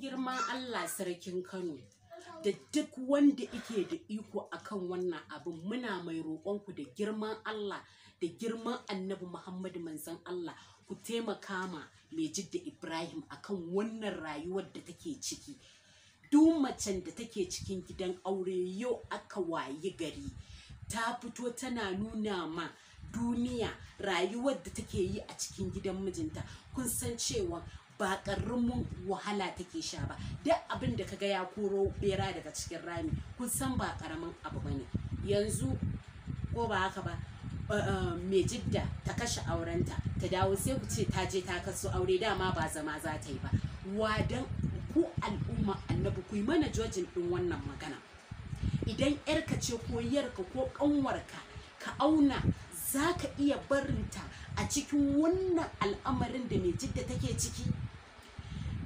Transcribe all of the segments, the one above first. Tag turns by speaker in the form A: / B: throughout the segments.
A: girman Allah sarkin Kano da duk wanda ike da iko akan wannan abin muna mai roƙonku da girman Allah da girman annabi Muhammadu manzon Allah ku taimaka ma mai jidda Ibrahim akan wannan rayuwar da take ciki duk macen da take cikin gidan aure yau aka wayi gari ta fito tana nuna ma duniya rayuwar da take yi a cikin gidan mijinta kun san cewa ba mun wahala take sha ba duk abin da kaga ya koro bera daga cikin rami kun san ba ƙaramin abu bane yanzu ko ba haka ba eh, eh, mai jidda ta kashe aurenta ta dawo sai ku ce ta je ta kasu aure dama ba zama za ta yi ba wadan ku al'umma annabi ku yi mana jojin din wannan magana idan yarka ce ko yarka ko kanwarka ka auna za ka iya barinta a cikin wannan al'amarin da mai jidda take ciki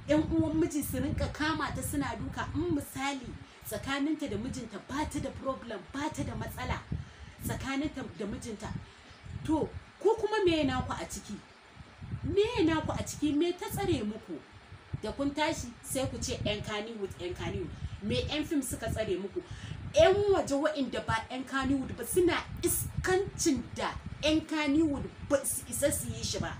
A: yan uwan miji su rinka kama ta suna duka in misali tsakaninta da mijinta ba ta da problem ba ta da matsala tsakaninta da mijinta to ko kuma me naku a ciki me naku a ciki me ta tsare muku da kun tashi sai ku ce yan kaniwood yan kaniwood me yan fim suka tsare muku yan waje wa'inda ba yan kaniwood ba suna iskancin da yan kaniwood ba su isa su yi shi ba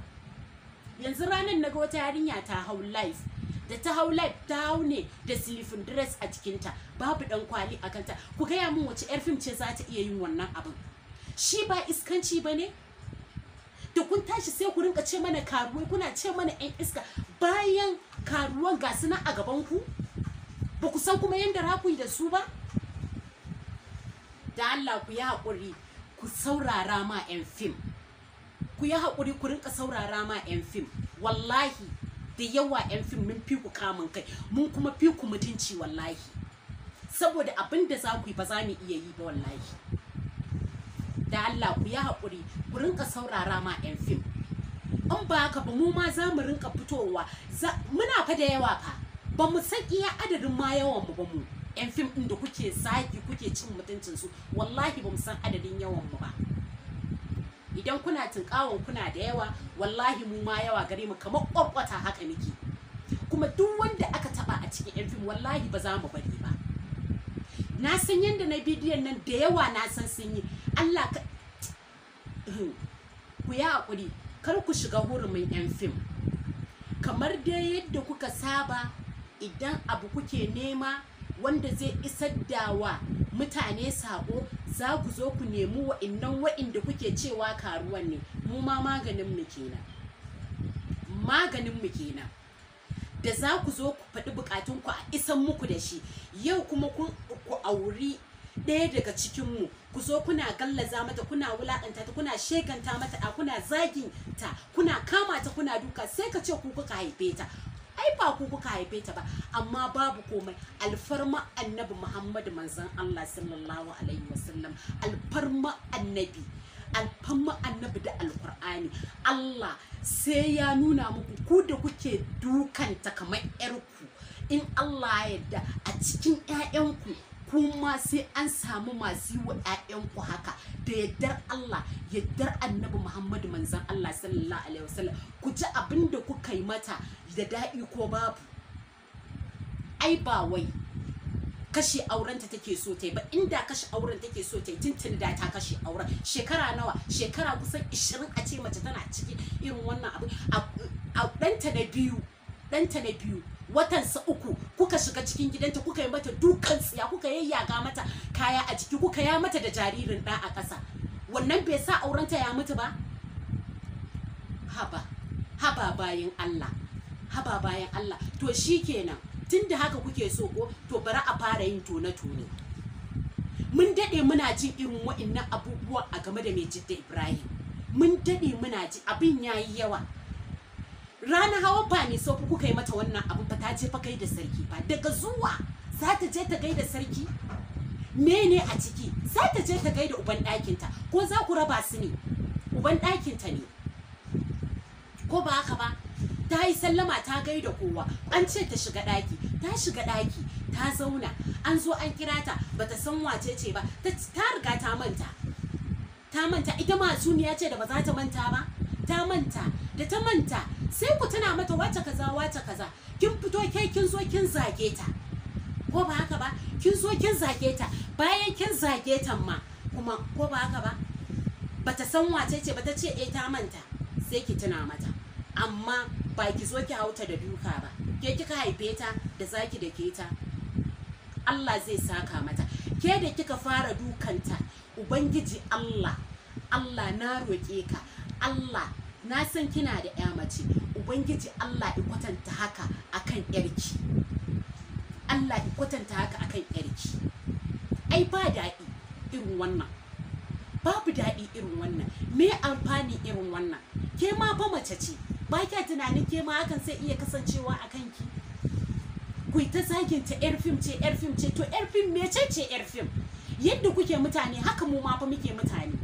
A: yanzu ranar na ga wata yarinya ta hau life da ta hau life ta hau ne da silifin dress a jikinta babu dan kwali a kanta ku gaya min wace yar fim ce za ta iya yin wannan abin shi ba iskanci ba ne da kun tashi sai ku rinka ce mana karuwai kuna ce mana yan iska bayan karuwan ga suna a gaban ku ba ku san kuma yadda raku da su ba da Allah ku yi haƙuri ku saurara ma 'yan fim ku yi haƙuri ku rinka saurara ma 'yan fim wallahi da yawa 'yan fim mun fi ku kamun kai mun kuma fi ku mutunci wallahi saboda abin da za ku yi ba za mu iya yi ba wallahi da Allah ku yi haƙuri ku rinka saurara ma 'yan fim in ba haka ba mu ma za mu rinka fitowa muna fa da yawa fa ba mu san iya adadin ma yawan mu ba mu 'yan fim ɗin da kuke zaki kuke cin mutuncin su wallahi ba mu san adadin yawan mu ba idan kuna tinkawon kuna da yawa wallahi mu ma yawa gare mu kamar kwakwata haka muke kuma duk wanda aka taba a cikin yan fim wallahi ba za mu bari ba na san yadda na bidiyon nan da yawa na san sun yi Allah ka ku yi hakuri kar ku shiga hurumin yan fim kamar dai yadda kuka saba idan abu kuke nema wanda zai isar da wa mutane sako za ku zo ku nemi wa'innan wa'inda kuke cewa karuwan ne mu ma maganin mu kenan maganin mu kenan da za ku zo ku faɗi bukatun ku a isan muku da shi yau kuma ku auri ɗaya daga cikin mu ku zo kuna gallaza mata kuna wulaƙanta ta kuna sheganta mata a kuna zagin ta kuna kama ta kuna duka sai ka ce ku kuka haife ta ai ba ku kuka haife ta ba amma babu komai alfarma annabi muhammadu manzon allah sallallahu alaihi wasallam alfarma annabi alfarma annabi da alkur'ani Allah sai ya nuna muku ku da kuke dukanta kamar 'yarku in Allah ya yarda a cikin 'ya'yanku kuma sai an samu masu yi wa 'ya'yanku haka da yardar Allah yardar annabi Muhammadu manzon Allah sallallahu alaihi wasallam ku ci abin da kuka yi mata da daɗi ko babu ai ba wai kashe aurenta take so ta yi ba inda kashe auren take so ta yi tuntun da ta kashe auren shekara nawa shekara kusan 20 a ce mace tana ciki irin wannan abu a ɗanta na biyu ɗanta na biyu watansa uku kuka shiga cikin gidanta kuka yi mata dukan tsiya kuka yayyaga mata kaya a ciki kuka ya mata da jaririn ɗa a ƙasa wannan bai sa aurenta ya mutu ba haba haba bayan Allah haba bayan Allah to shikenan tunda haka kuke so ko to bari a fara yin tona tone mun dade muna jin irin wa'annan abubuwa a game da mai jidda Ibrahim mun dade muna ji abin yayi yawa rana hawa ba ne so kuka yi mata wannan abin fa ta je fa kai da sarki ba daga zuwa za ta je ta gaida sarki mene a ciki za ta je ta gaida uban ɗakinta ko za ku raba su ne uban ɗakinta ne ko ba haka ba ta yi sallama ta gaida kowa an ce ta shiga ɗaki ta shiga ɗaki ta zauna an zo an kira ta ba ta san wace ce ba ta riga ta manta ta manta ita ma ce da ba za ta manta ba ta manta da ta manta sai ku tana mata wace kaza wace kaza kin fito ke kin zo kin zage ta ko ba haka ba kin zo kin zage ta bayan kin zage ta ma kuma ko ba haka ba bata san wace ce bata ce eh ta manta sai ki tana mata amma ba ki zo ki hauta da duka ba ke kika haife ta da zaki da ke ta Allah zai saka mata ke da kika fara dukanta ubangiji Allah Allah na roƙe ka Allah na san kina da ya mace ubangiji Allah ya kwatanta haka akan yarki Allah ya kwatanta haka akan yarki ai ba daɗi irin wannan babu daɗi irin wannan me amfani irin wannan ke ma fa mace ce ba kya tunanin ke ma hakan sai iya kasancewa a kanki ku ta zagin ta yar fim ce yar fim ce to yar fim mece ce yar fim yadda kuke mutane haka mu ma fa muke mutane